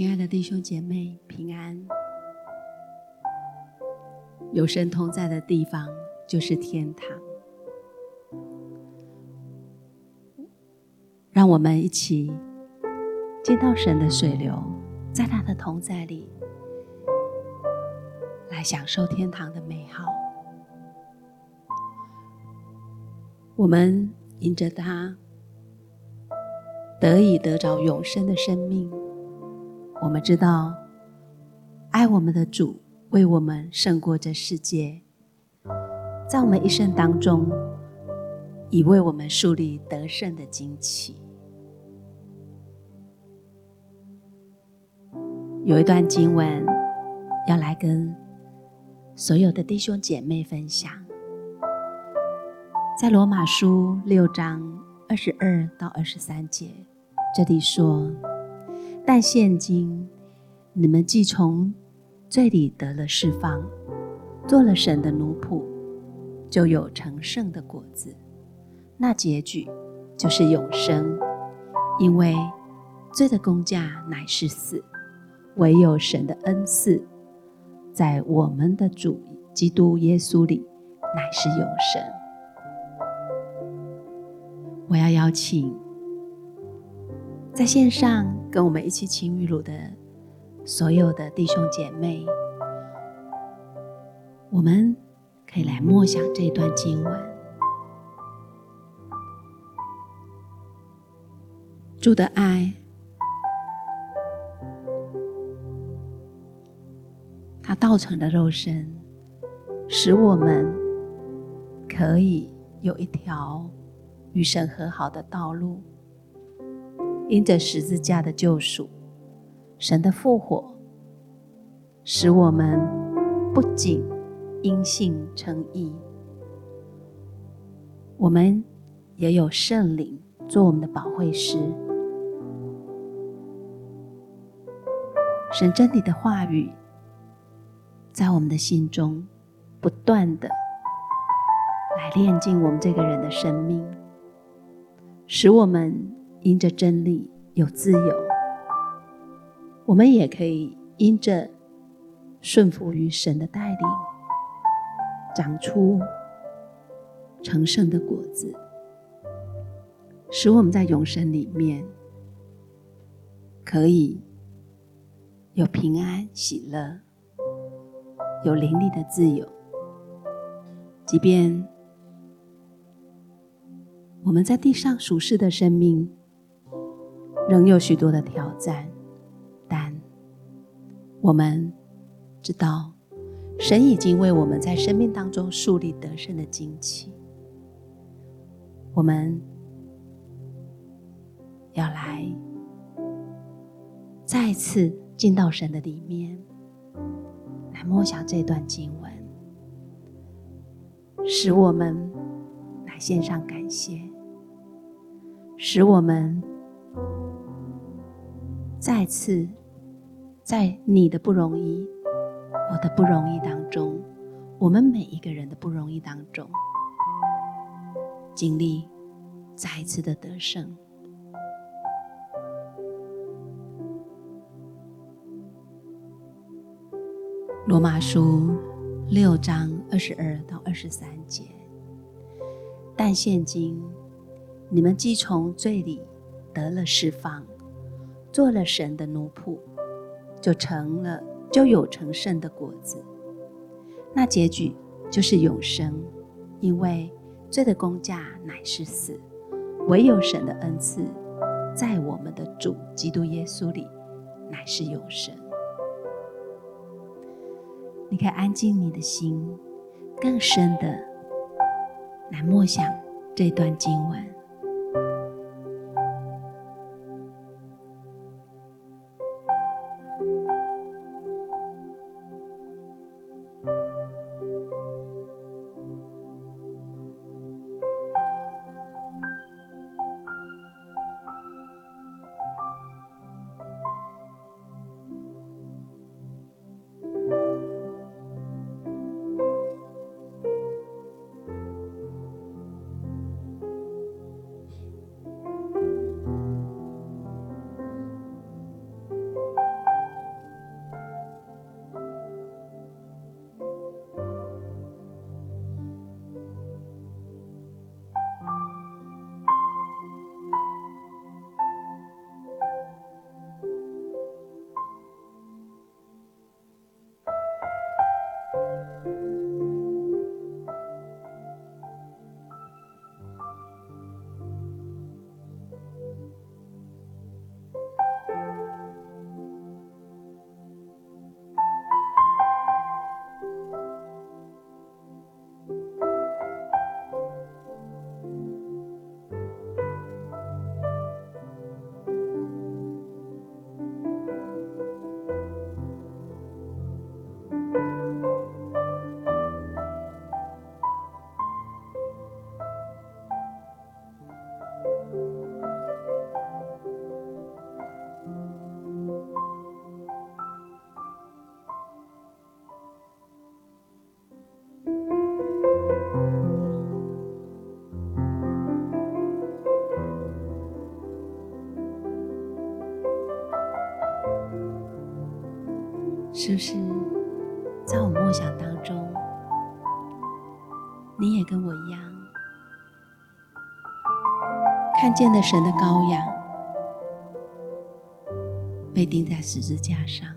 親愛的弟兄姐妹，平安！有神同在的地方就是天堂。讓我們一起見到神的水流，在他的同在裡，來享受天堂的美好。我們迎着他，得以得着永生的生命。我們知道，愛我們的主為我們勝過這世界，在我們一生當中，已為我們樹立得勝的旌旗。有一段經文要來跟所有的弟兄姐妹分享，在羅馬書六章二十二到二十三節，這裡說。但現今，你們既從罪裡得了釋放，做了神的奴僕，就有成聖的果子。那結局就是永生，因為罪的工價乃是死，唯有神的恩賜，在我們的主基督耶穌裡，乃是永生。我要邀請。在線上跟我們一起勤與乳的所有的弟兄姐妹，我們可以來默想這段經文。主的愛，他道成的肉身，使我們可以有一條與神和好的道路。因着十字架的救贖，神的復活，使我們不僅因信稱義，我們也有聖靈做我們的保惠師。神真理的話語，在我們的心中不斷的來煉進我們這個人的生命，使我們。因着真理有自由，我們也可以因着順服於神的帶領，長出成聖的果子，使我們在永生裡面可以有平安喜樂，有靈力的自由。即便我們在地上屬世的生命。仍有許多的挑戰，但我們知道，神已經為我們在生命當中樹立得勝的旌旗。我們要來再次進到神的裡面，來默想這段經文，使我們來獻上感謝，使我們。再次，在你的不容易、我的不容易當中，我們每一個人的不容易當中，經歷再次的得勝。羅馬書六章二十二到二十三節，但現今，你們既從罪裡得了釋放，做了神的奴僕，就成了，就有成聖的果子，那結局就是永生，因為罪的工價乃是死，唯有神的恩賜，在我們的主基督耶穌裡，乃是永生。你可以安靜你的心，更深的來默想這段經文。是不是在我夢想當中，你也跟我一樣，看見了神的羔羊被釘在十字架上？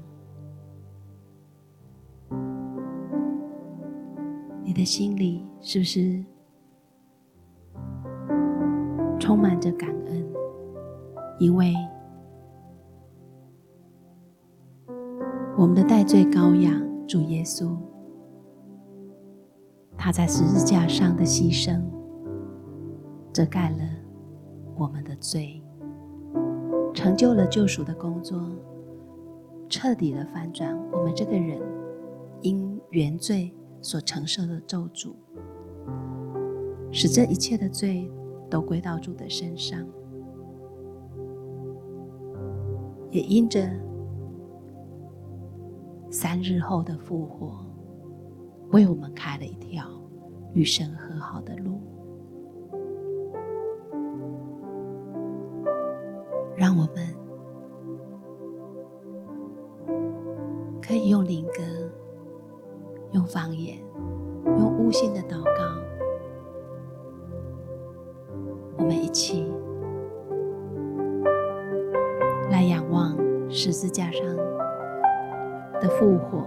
你的心裡是不是？犧牲遮蓋了我們的罪，成就了救贖的工作，徹底的翻轉我們這個人因原罪所承受的咒詛，使這一切的罪都歸到主的身上，也因着三日後的復活，為我們開了一條。與神和好的路，讓我們可以用靈歌、用方言、用悟性的禱告，我們一起來仰望十字架上的復活。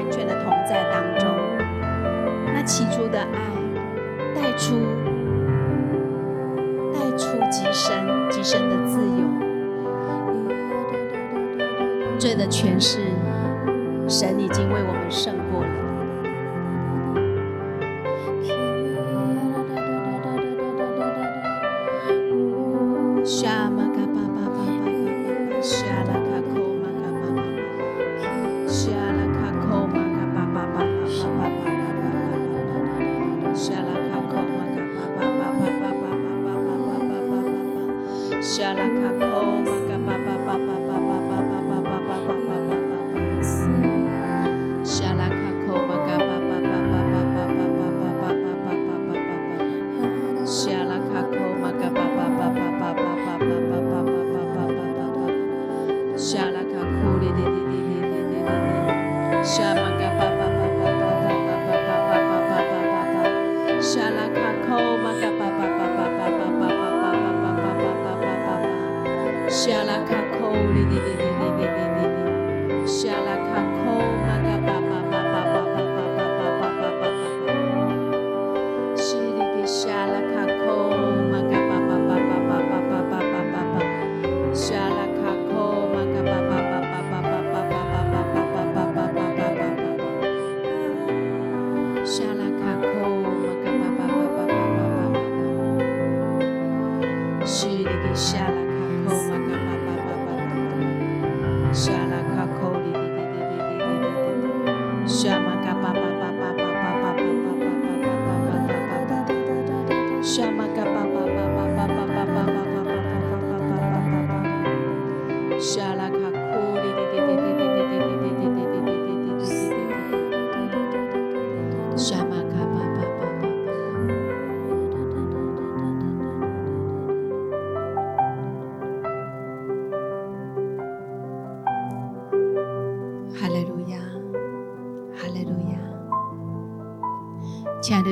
完全的同在當中，那起初的愛帶出帶出極深極深的自由，罪的權勢，神已經為我們勝過了。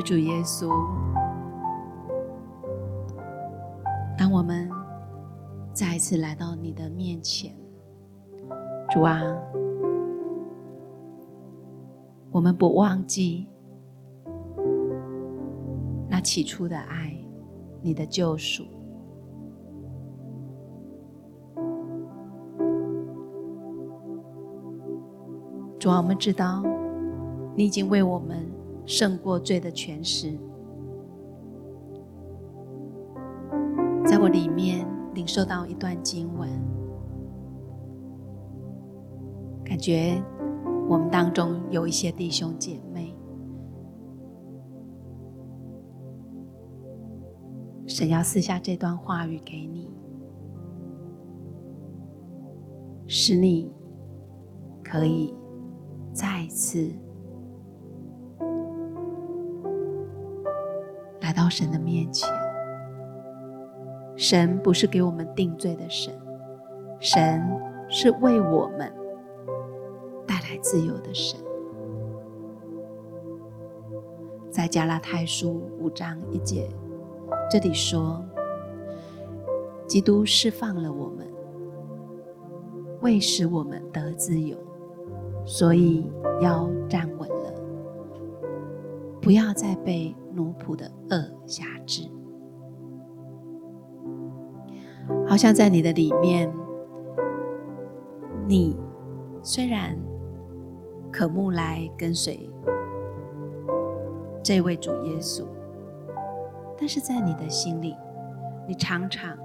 主耶穌，當我們再一次來到你的面前，主啊，我們不忘記那起初的愛，你的救贖。主啊，我們知道你已經為我們。勝過罪的權勢，在我裡面領受到一段經文，感覺我們當中有一些弟兄姐妹，神要賜下這段話語給你，使你可以再次。來到神的面前，神不是給我們定罪的神，神是為我們帶來自由的神。在加拉太書五章一節，這裡說，基督釋放了我們，為使我們得自由，所以要站穩，不要再被奴僕的軛挾制，好像在你的裡面，你雖然渴慕來跟隨這位主耶穌，但是在你的心裡，你常常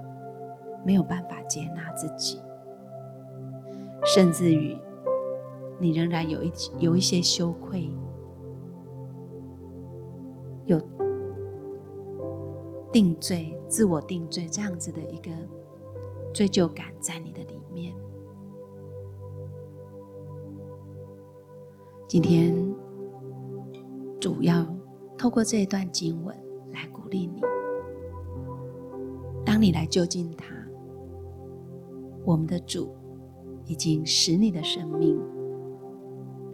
沒有辦法接納自己，甚至於你仍然有一有一些羞愧。定罪、自我定罪這樣子的一個追究感在你的裡面。今天主要透過這一段經文來鼓勵你，當你來就近他，我們的主已經使你的生命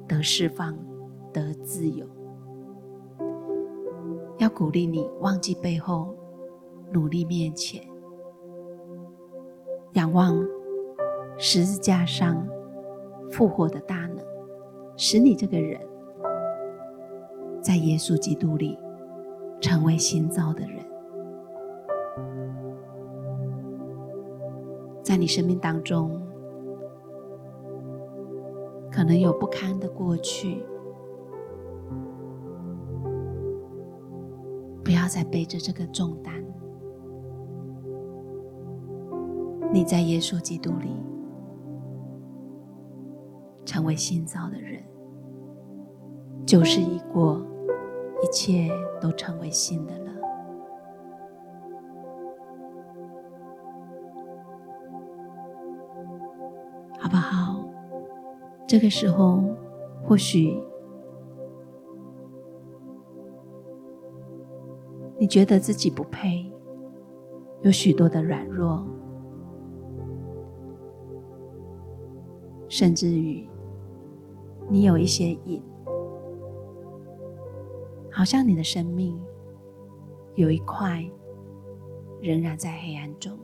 得釋放、得自由。要鼓勵你忘記背後。努力面前，仰望十字架上復活的大能，使你這個人，在耶穌基督裡成為新造的人。在你生命當中，可能有不堪的過去，不要再背着這個重擔。你在耶穌基督裡成為新造的人，舊事已過，一切都成為新的了，好不好？這個時候，或許你覺得自己不配，有許多的軟弱。甚至於，你有一些癮，好像你的生命有一塊仍然在黑暗中。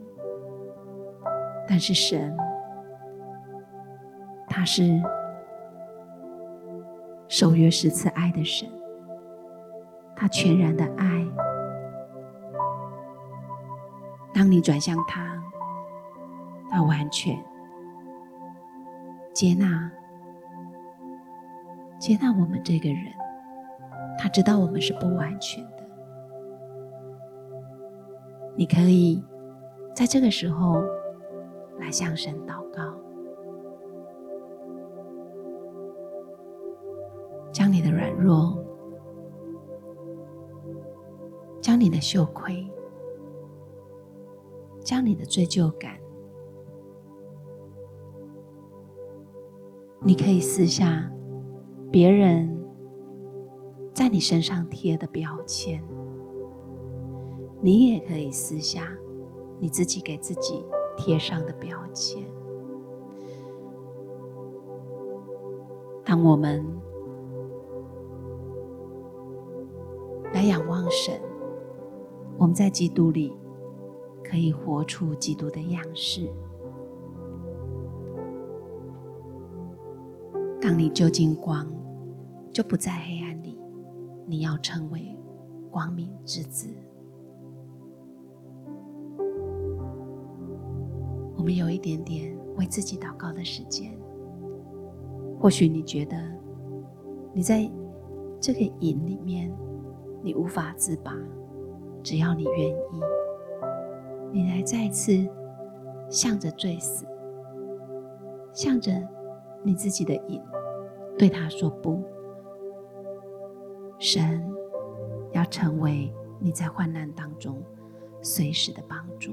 但是神，他是守約施慈愛的神，他全然的愛。當你轉向他，他完全。接納，接納我們這個人，他知道我們是不完全的。你可以在這個時候來向神禱告，將你的軟弱，將你的羞愧，將你的罪疚感，你可以撕下別人在你身上貼的標籤，你也可以撕下你自己給自己貼上的標籤。當我們來仰望神，我們在基督裡可以活出基督的樣式。你就近光，就不在黑暗裡。你要成為光明之子。我們有一點點為自己禱告的時間。或許你覺得你在這個影裡面，你無法自拔。只要你願意，你來再一次向着罪死，向着你自己的影。對他說：“不，神要成為你在患難當中隨時的幫助，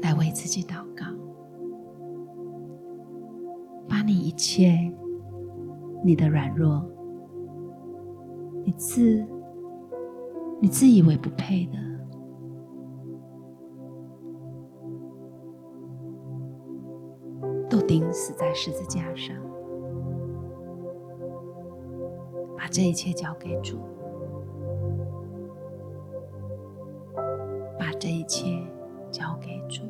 來為自己禱告，把你一切、你的軟弱、你自、你自以為不配的。”都釘死在十字架上，把這一切交給主，把這一切交給主。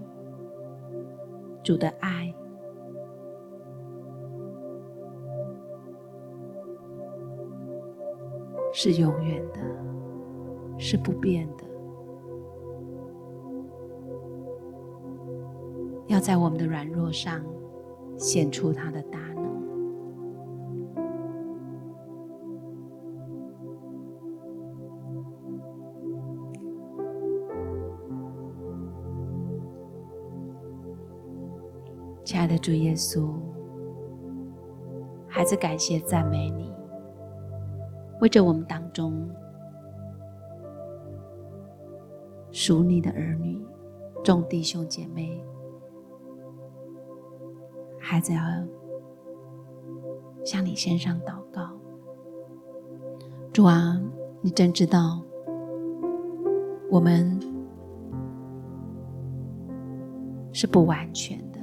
主的愛是永遠的，是不變的，要在我們的軟弱上。顯出他的大能！親愛的主耶穌，孩子感謝讚美你，為着我們當中屬你的兒女、眾弟兄姐妹。孩子要向你獻上禱告，主啊，你真知道我們是不完全的。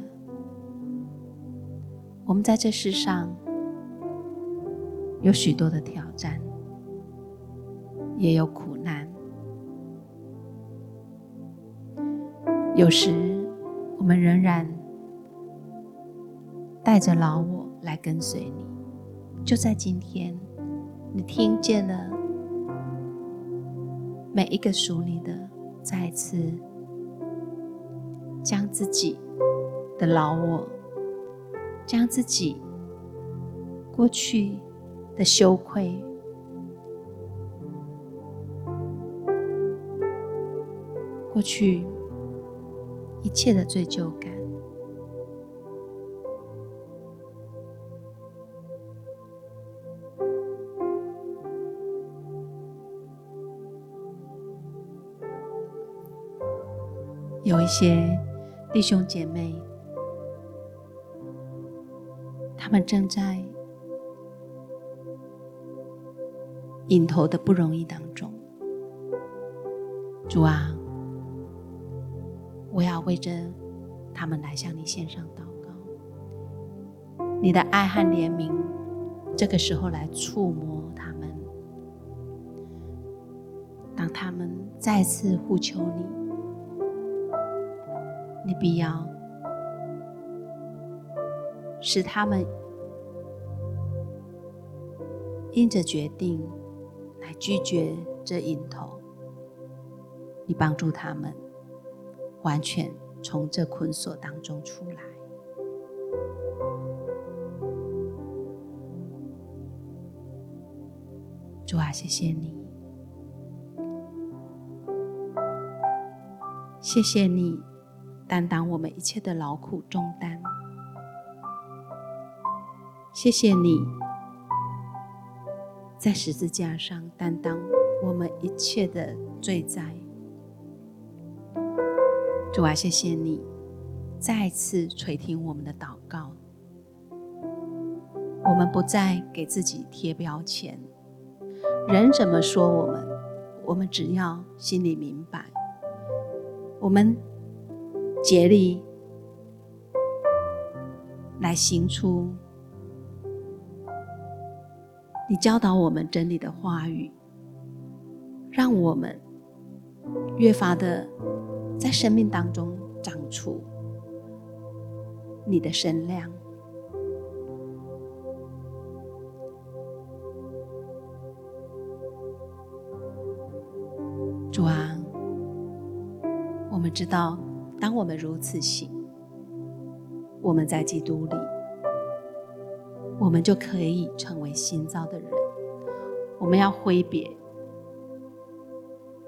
我們在這世上有許多的挑戰，也有苦難，有時我們仍然，帶着老我來跟隨你，就在今天，你聽見了每一個屬你的，再次將自己的老我，將自己過去的羞愧，過去一切的罪疚感。一些弟兄姐妹，他們正在引頭的不容易當中。主啊，我要為着他們來向你獻上禱告，你的愛和憐憫，這個時候來觸摸他們，當他們再次呼求你。你必要使他們因着決定來拒絕這癮頭，你幫助他們完全從這捆鎖當中出來。主啊，謝謝你，謝謝你。擔當我們一切的勞苦重擔，謝謝你，在十字架上擔當我們一切的罪債。主啊，謝謝你再次垂聽我們的禱告。我們不再給自己貼標籤，人怎麼說我們，我們只要心裡明白，我們。竭力來行出你教導我們真理的話語，讓我們越發的在生命當中長出你的身量。主啊，我們知道。當我們如此行，我們在基督裡，我們就可以成為新造的人。我們要揮別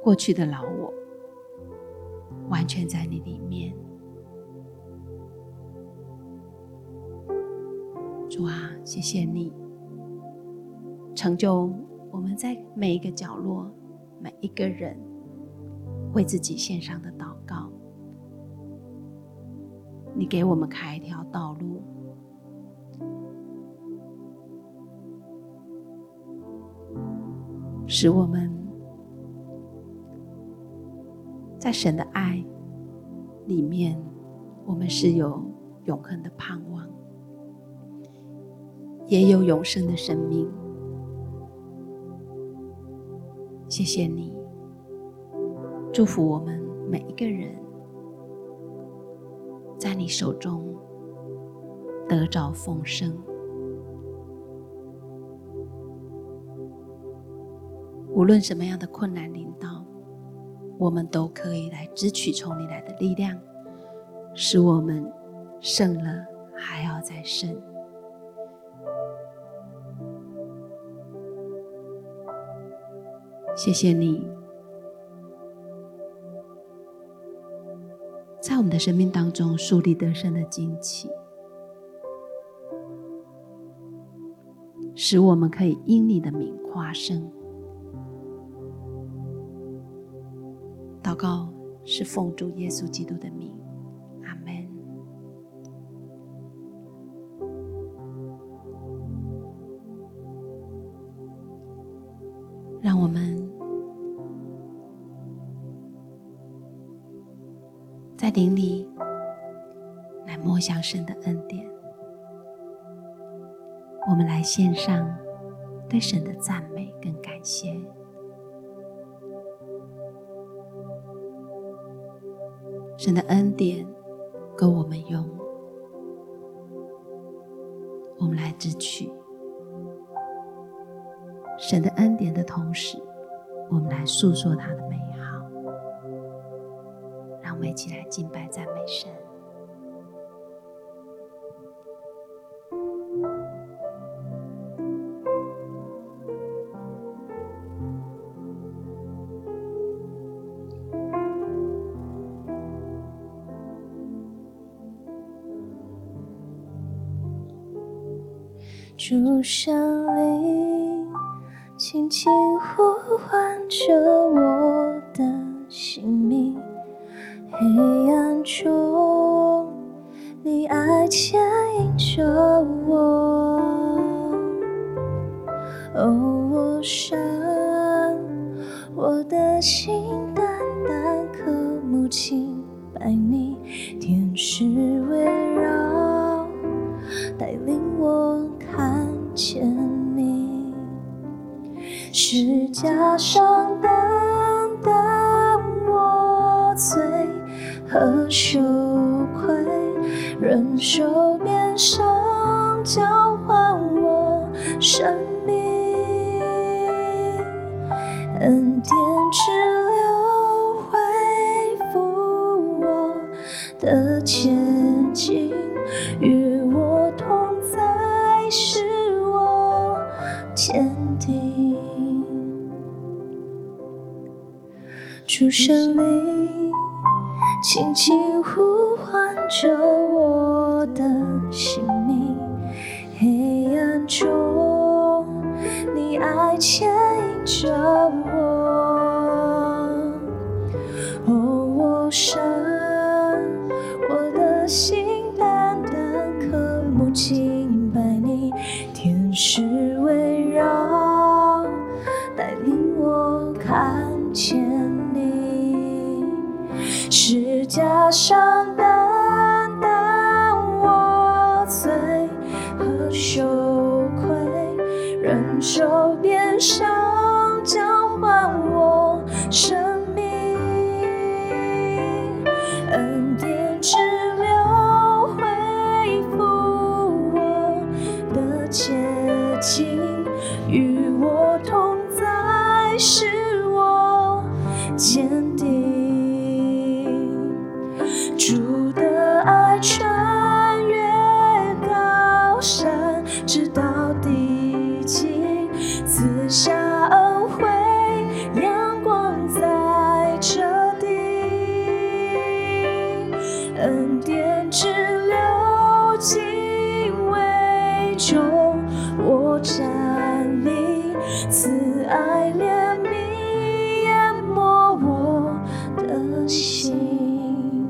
過去的老我，完全在你裡面。主啊，謝謝你成就我們在每一個角落、每一個人為自己獻上的禱。你給我們開一條道路，使我們在神的愛裡面，我們是有永恆的盼望，也有永生的生命。謝謝你，祝福我們每一個人。在你手中得着豐盛，無論什麼樣的困難臨到，我們都可以來支取從你來的力量，使我們勝了還要再勝。謝謝你。的生命當中樹立得勝的旌旗，使我們可以因你的名誇勝。禱告是奉主耶穌基督的名，阿門。帶領你來默想神的恩典，我們來獻上對神的讚美跟感謝。神的恩典夠我們用，我們來支取神的恩典的同時，我們來訴說他的美。起來，敬拜讚美神。主聖靈，輕輕呼喚着我的心。黑暗中，你愛牽引着我。哦，我。無聲裡輕輕呼喚着我的姓名。黑暗中，你愛牽引着我。此愛憐憫淹沒我的心，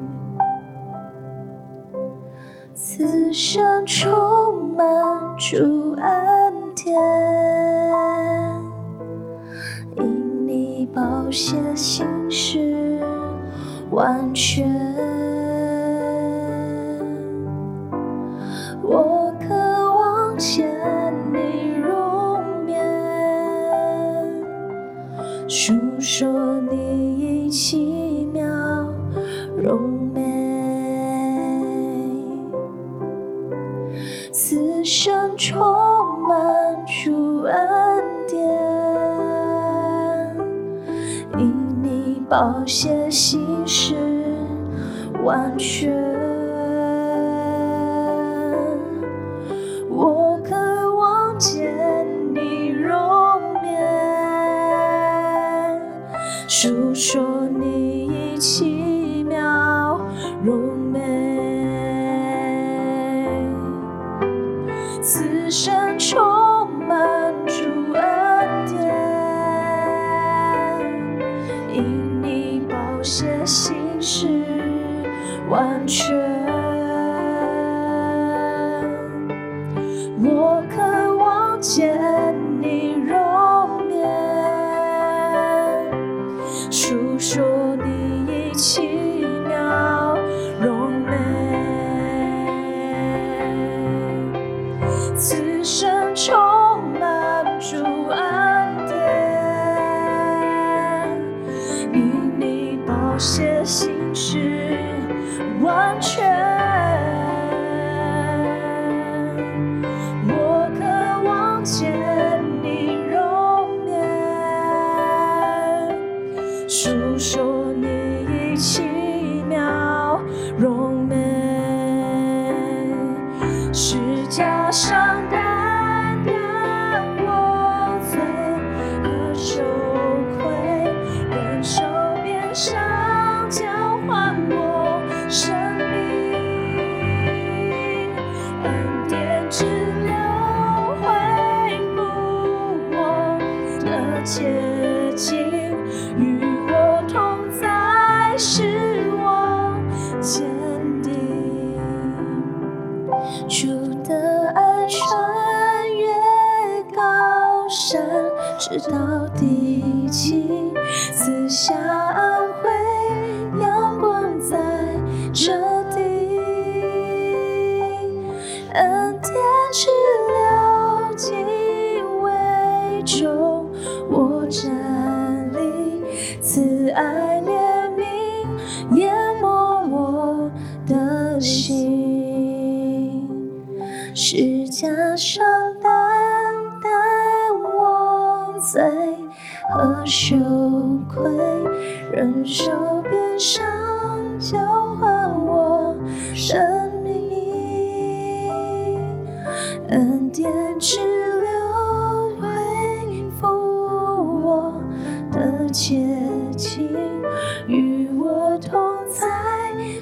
此生充滿主恩典，因你包卸心事完全。飽寫心事完全。我渴望見你容顏，訴說你一奇妙柔美，此生充滿祝。是。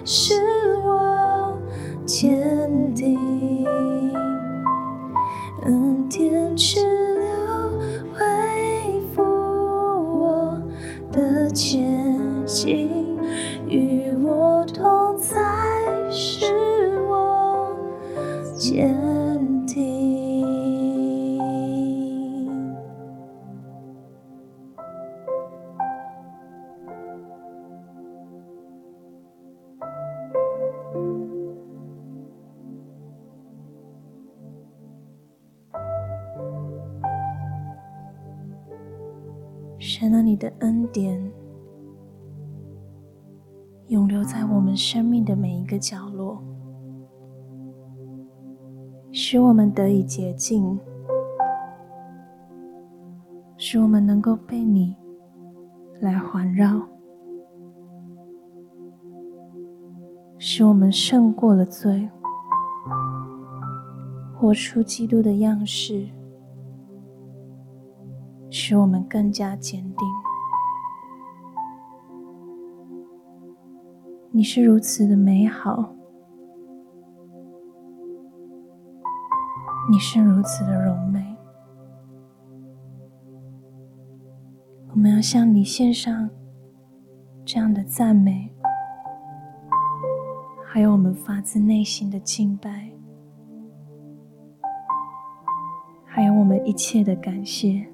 是我。的每一個角落，使我們得以潔淨，使我們能夠被你來環繞，使我們勝過了罪，活出基督的樣式，使我們更加堅定。你是如此的美好，你是如此的柔美。我們要向你獻上這樣的讚美，還有我們發自內心的敬拜，還有我們一切的感謝。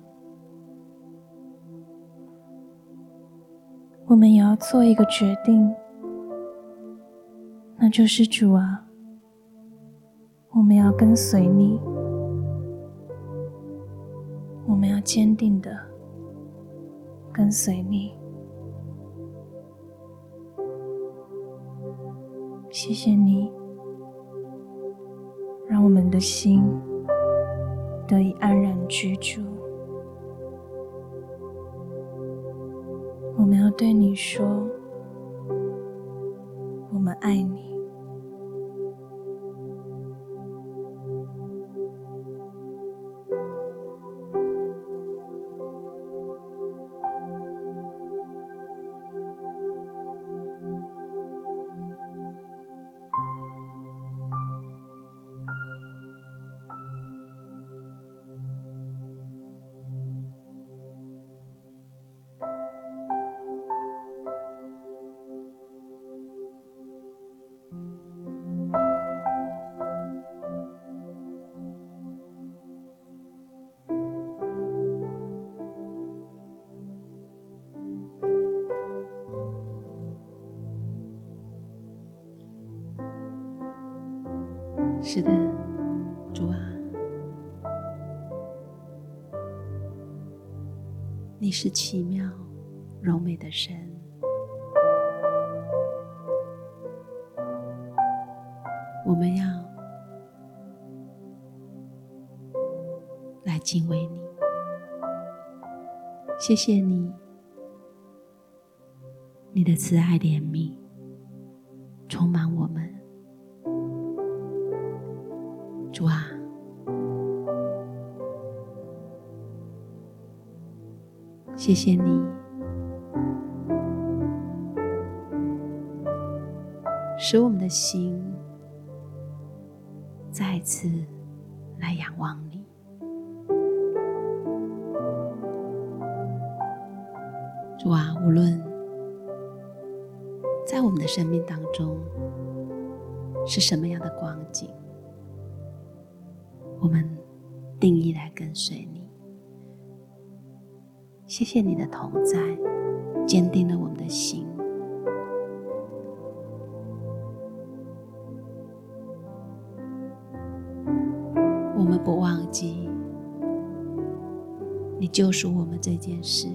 我們也要做一個決定。救世主啊，我們要跟隨你，我們要堅定的跟隨你。謝謝你，讓我們的心得以安然居住。我們要對你說，我們愛你。是的，主啊，你是奇妙柔美的神，我們要來敬畏你。謝謝你，你的慈愛憐憫。謝謝你，使我們的心再次來仰望你，主啊，無論在我們的生命當中是什麼樣的光景，我們定意來跟隨你。謝謝你的同在，堅定了我們的心。我們不忘記你救贖我們這件事。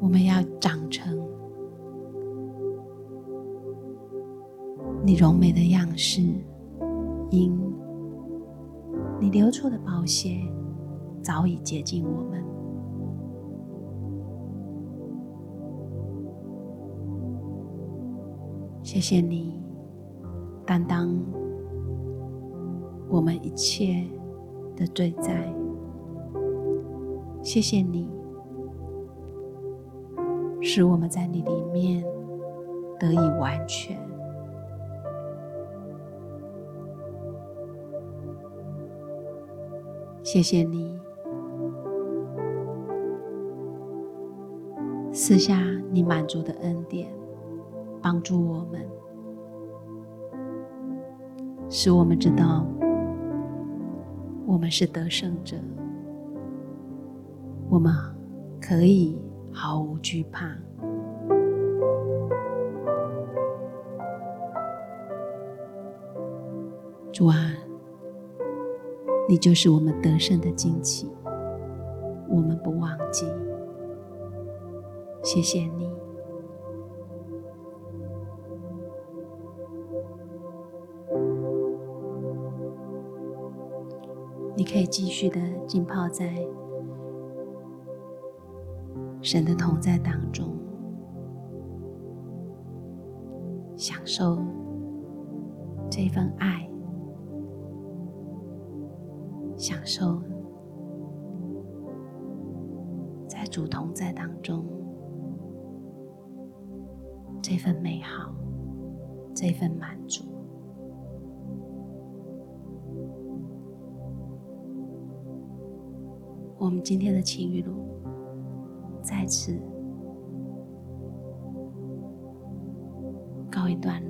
我們要長成你榮美的樣式，因你流出的寶血早已潔淨我們。謝謝你擔當我們一切的罪債。謝謝你。使我們在你裡面得以完全，謝謝你賜下你滿足的恩典，幫助我們，使我們知道我們是得勝者，我們可以。毫無懼怕，主啊，你就是我們得勝的旌旗，我們不忘記，謝謝你。你可以繼續的浸泡在。神的同在當中，享受這份愛，享受在主同在當中，這份美好，這份滿足。我們今天的晴雨露。此告一段落。